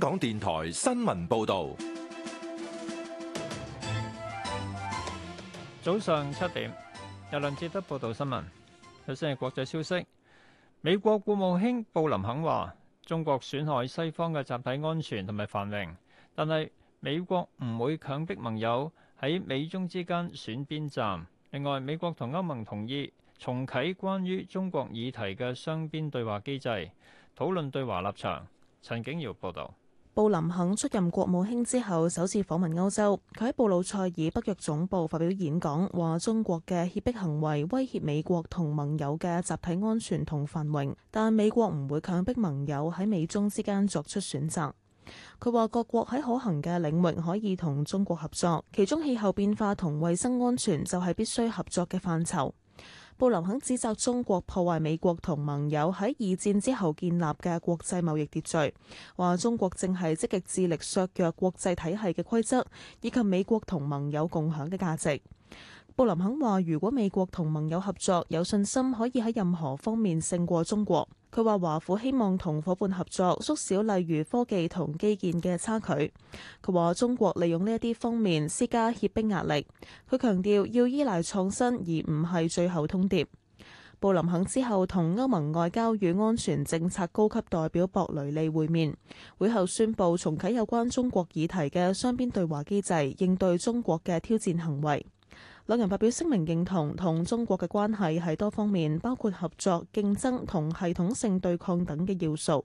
香港電台新聞報道，早上七點，由梁捷德報道新聞。首先係國際消息，美國國務卿布林肯話，中國損害西方嘅集體安全同埋繁榮，但係美國唔會強迫盟友喺美中之間選邊站。另外，美國同歐盟同意重啟關於中國議題嘅雙邊對話機制，討論對華立場。陳景瑤報道。布林肯出任國務卿之後，首次訪問歐洲。佢喺布魯塞爾北約總部發表演講，話中國嘅脅迫行為威脅美國同盟友嘅集體安全同繁榮，但美國唔會強迫盟友喺美中之間作出選擇。佢話各國喺可行嘅領域可以同中國合作，其中氣候變化同衛生安全就係必須合作嘅範疇。布林肯指責中國破壞美國同盟友喺二戰之後建立嘅國際貿易秩序，話中國正係積極致力削弱國際體系嘅規則，以及美國同盟友共享嘅價值。布林肯話：如果美國同盟友合作，有信心可以喺任何方面勝過中國。佢話華府希望同夥伴合作，縮小例如科技同基建嘅差距。佢話中國利用呢一啲方面施加脅迫壓力。佢強調要依賴創新，而唔係最後通牒。布林肯之後同歐盟外交與安全政策高級代表博雷利會面，會後宣布重啟有關中國議題嘅雙邊對話機制，應對中國嘅挑戰行為。兩人發表聲明，認同同中國嘅關係係多方面，包括合作、競爭同系統性對抗等嘅要素。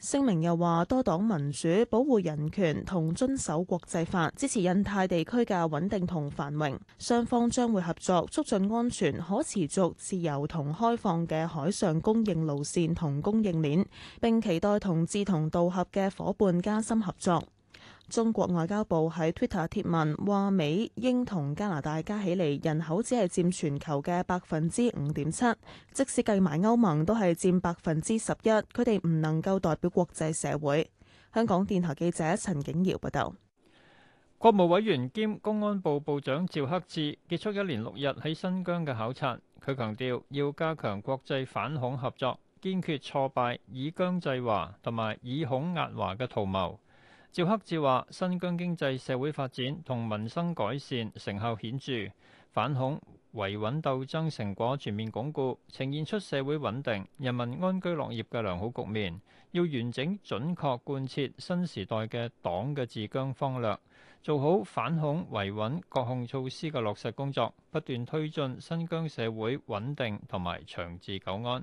聲明又話，多黨民主、保護人權同遵守國際法，支持印太地區嘅穩定同繁榮。雙方將會合作，促進安全、可持續、自由同開放嘅海上供應路線同供應鏈，並期待同志同道合嘅伙伴加深合作。中國外交部喺 Twitter 貼文話：美英同加拿大加起嚟人口只係佔全球嘅百分之五點七，即使計埋歐盟都係佔百分之十一，佢哋唔能夠代表國際社會。香港電台記者陳景堯報道。國務委員兼公安部部長趙克志結束一連六日喺新疆嘅考察，佢強調要加強國際反恐合作，堅決挫敗以疆制華同埋以恐壓華嘅圖謀。趙克志話：新疆經濟社會發展同民生改善成效顯著，反恐維穩鬥爭成果全面鞏固，呈現出社會穩定、人民安居樂業嘅良好局面。要完整準確貫徹新時代嘅黨嘅治疆方略，做好反恐維穩各項措施嘅落實工作，不斷推進新疆社會穩定同埋長治久安。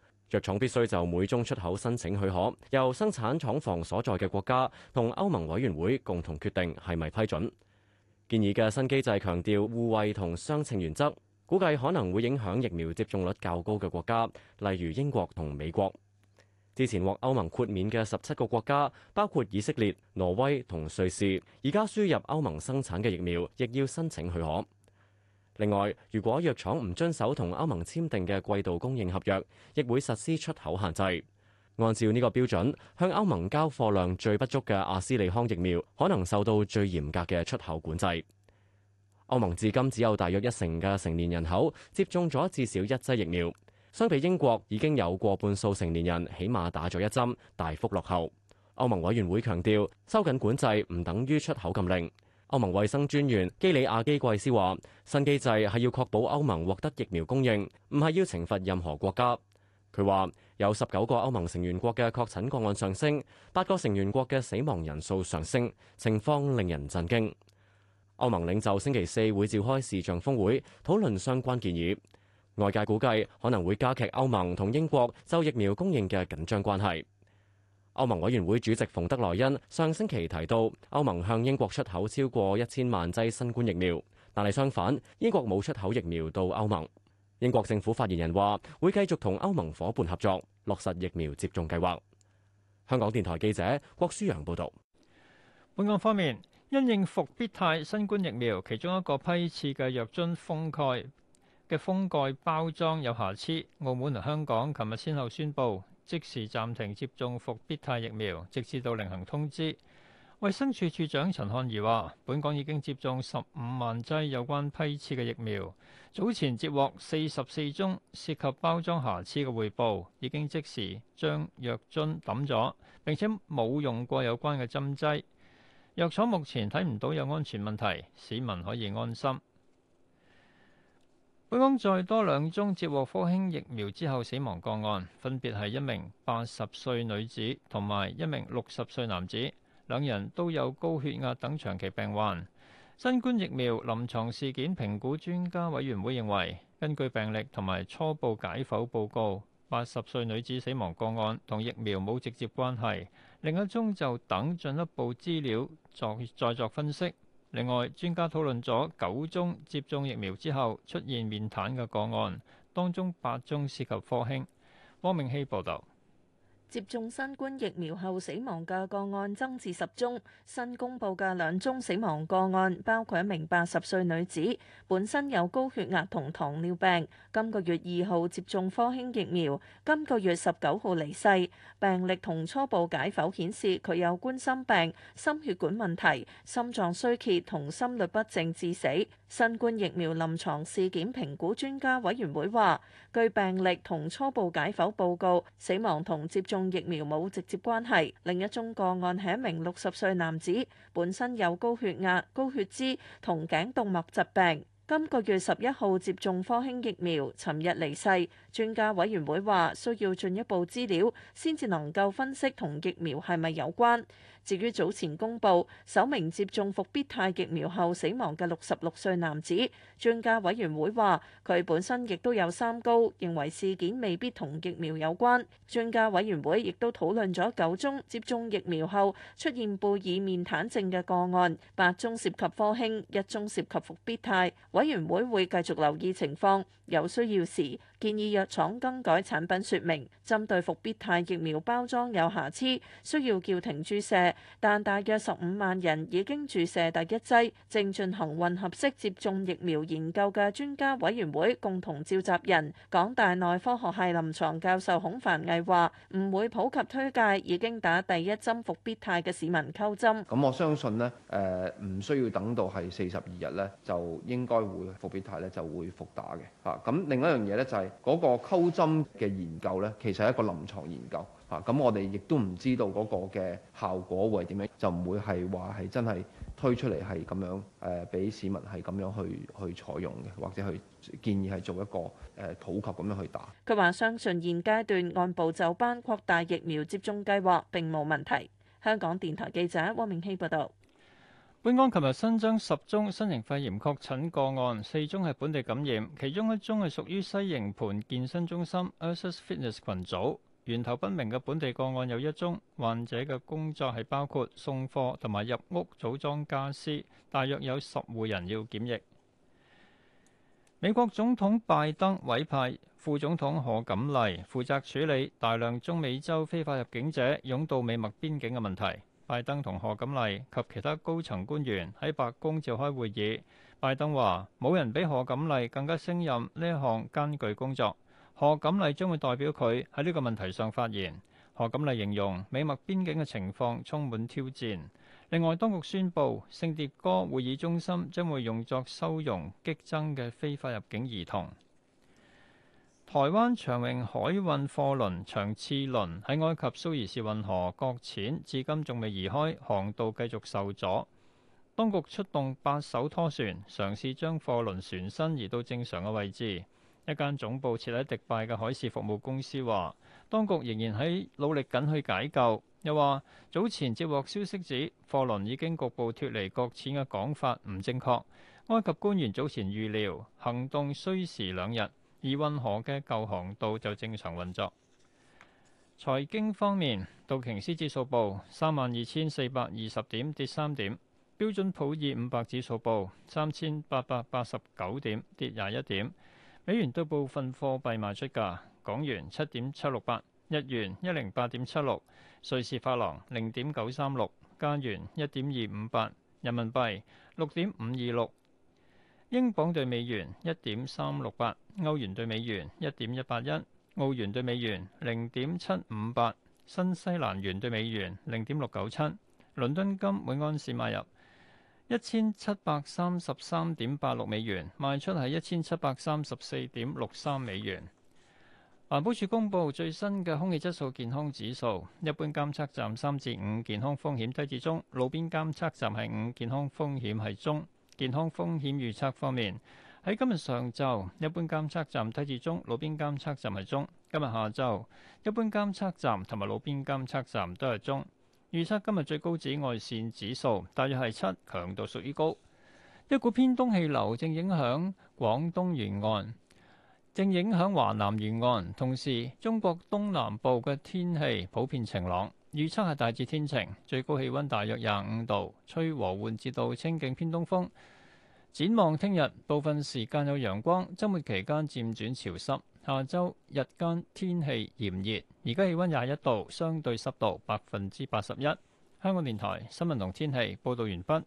藥廠必須就每宗出口申請許可，由生產廠房所在嘅國家同歐盟委員會共同決定係咪批准。建議嘅新機制強調互惠同雙程原則，估計可能會影響疫苗接種率較高嘅國家，例如英國同美國。之前獲歐盟豁免嘅十七個國家，包括以色列、挪威同瑞士，而家輸入歐盟生產嘅疫苗亦要申請許可。另外，如果藥廠唔遵守同歐盟簽訂嘅季度供應合約，亦會實施出口限制。按照呢個標準，向歐盟交貨量最不足嘅阿斯利康疫苗，可能受到最嚴格嘅出口管制。歐盟至今只有大約一成嘅成年人口接種咗至少一劑疫苗，相比英國已經有過半數成年人起碼打咗一針，大幅落後。歐盟委員會強調，收緊管制唔等於出口禁令。歐盟衛生專員基里亞基季斯話：新機制係要確保歐盟獲得疫苗供應，唔係要懲罰任何國家。佢話有十九個歐盟成員國嘅確診個案上升，八個成員國嘅死亡人數上升，情況令人震驚。歐盟領袖星期四會召開視像峰會，討論相關建議。外界估計可能會加劇歐盟同英國就疫苗供應嘅緊張關係。歐盟委員會主席馮德萊恩上星期提到，歐盟向英國出口超過一千萬劑新冠疫苗，但係相反，英國冇出口疫苗到歐盟。英國政府發言人話，會繼續同歐盟夥伴合作落實疫苗接種計劃。香港電台記者郭舒揚報道。本港方面，因應復必泰新冠疫苗其中一個批次嘅藥樽封蓋嘅封蓋包裝有瑕疵，澳門同香港琴日先後宣布。即時暫停接種復必泰疫苗，直至到另行通知。衛生署署長陳漢儀話，本港已經接種十五萬劑有關批次嘅疫苗。早前接獲四十四宗涉及包裝瑕疵嘅匯報，已經即時將藥樽抌咗，並且冇用過有關嘅針劑。藥廠目前睇唔到有安全問題，市民可以安心。本港再多兩宗接獲科興疫苗之後死亡個案，分別係一名八十歲女子同埋一名六十歲男子，兩人都有高血壓等長期病患。新冠疫苗臨床事件評估專家委員會認為，根據病歷同埋初步解剖報告，八十歲女子死亡個案同疫苗冇直接關係，另一宗就等進一步資料作再作分析。另外，專家討論咗九宗接種疫苗之後出現面癱嘅個案，當中八宗涉及科興。汪明熙報導。接種新冠疫苗後死亡嘅個案增至十宗，新公布嘅兩宗死亡個案包括一名八十歲女子，本身有高血壓同糖尿病，今個月二號接種科興疫苗，今個月十九號離世。病歷同初步解剖顯示，佢有冠心病、心血管問題、心臟衰竭同心律不正致死。新冠疫苗臨牀事件評估專家委員會話，據病歷同初步解剖報告，死亡同接種疫苗冇直接關係，另一宗個案係一名六十歲男子，本身有高血壓、高血脂同頸動脈疾病，今個月十一號接種科興疫苗，尋日離世。專家委員會話需要進一步資料先至能夠分析同疫苗係咪有關。至於早前公布首名接種復必泰疫苗後死亡嘅六十六歲男子，專家委員會話佢本身亦都有三高，認為事件未必同疫苗有關。專家委員會亦都討論咗九宗接種疫苗後出現貝爾面癱症嘅個案，八宗涉及科興，一宗涉及復必泰。委員會會繼續留意情況，有需要時。建議藥廠更改產品說明，針對復必泰疫苗包裝有瑕疵，需要叫停注射。但大約十五萬人已經注射第一劑，正進行混合式接種疫苗研究嘅專家委員會共同召集人、港大內科學系臨床教授孔凡毅話：唔會普及推介已經打第一針復必泰嘅市民溝針。咁我相信呢，誒唔需要等到係四十二日呢，就應該會復必泰呢就會復打嘅。吓，咁另一樣嘢呢就係。嗰個溝針嘅研究咧，其實係一個臨床研究嚇，咁，啊、我哋亦都唔知道嗰個嘅效果會點樣，就唔會係話係真係推出嚟係咁樣誒，俾，呃、市民係咁樣去去採用嘅，或者去建議係做一個誒普及咁樣去打。佢話：相信現階段按部就班擴大疫苗接種計劃並冇問題。香港電台記者汪明希報道。本港琴日新增十宗新型肺炎確診個案，四宗係本地感染，其中一宗係屬於西營盤健身中心 Ursus Fitness 群組，源頭不明嘅本地個案有一宗，患者嘅工作係包括送貨同埋入屋組裝傢俬，大約有十戶人要檢疫。美國總統拜登委派副總統賀錦麗負責處理大量中美洲非法入境者擁到美墨邊境嘅問題。拜登同賀錦麗及其他高層官員喺白宮召開會議。拜登話：冇人比賀錦麗更加勝任呢項艱巨工作。賀錦麗將會代表佢喺呢個問題上發言。賀錦麗形容美墨邊境嘅情況充滿挑戰。另外，當局宣布聖迭戈會議中心將會用作收容激增嘅非法入境兒童。台灣長榮海運貨輪長次輪喺埃及蘇伊士運河擱淺，至今仲未移開，航道繼續受阻。當局出動八艘拖船，嘗試將貨輪船身移到正常嘅位置。一間總部設喺迪拜嘅海事服務公司話：當局仍然喺努力緊去解救。又話早前接獲消息指貨輪已經局部脫離擱淺嘅講法唔正確。埃及官員早前預料行動需時兩日。以運河嘅舊航道就正常運作。財經方面，道瓊斯指數報三萬二千四百二十點，跌三點；標準普爾五百指數報三千八百八十九點，跌廿一點。美元對部分貨幣賣出價：港元七點七六八，日元一零八點七六，瑞士法郎零點九三六，加元一點二五八，人民幣六點五二六，英鎊對美元一點三六八。歐元對美元一點一八一，澳元對美元零點七五八，新西蘭元對美元零點六九七。倫敦金每安士買入一千七百三十三點八六美元，賣出係一千七百三十四點六三美元。環保署公布最新嘅空氣質素健康指數，一般監測站三至五健康風險低至中，路邊監測站係五健康風險係中，健康風險預測方面。喺今日上晝，一般監測站低至中，路邊監測站係中。今日下晝，一般監測站同埋路邊監測站都係中。預測今日最高紫外線指數大約係七，強度屬於高。一股偏東氣流正影響廣東沿岸，正影響華南沿岸，同時中國東南部嘅天氣普遍晴朗。預測係大致天晴，最高氣温大約廿五度，吹和緩至到清勁偏東風。展望聽日部分時間有陽光，周末期間漸轉潮濕，下周日間天氣炎熱，而家氣溫廿一度，相對濕度百分之八十一。香港電台新聞同天氣報道完畢。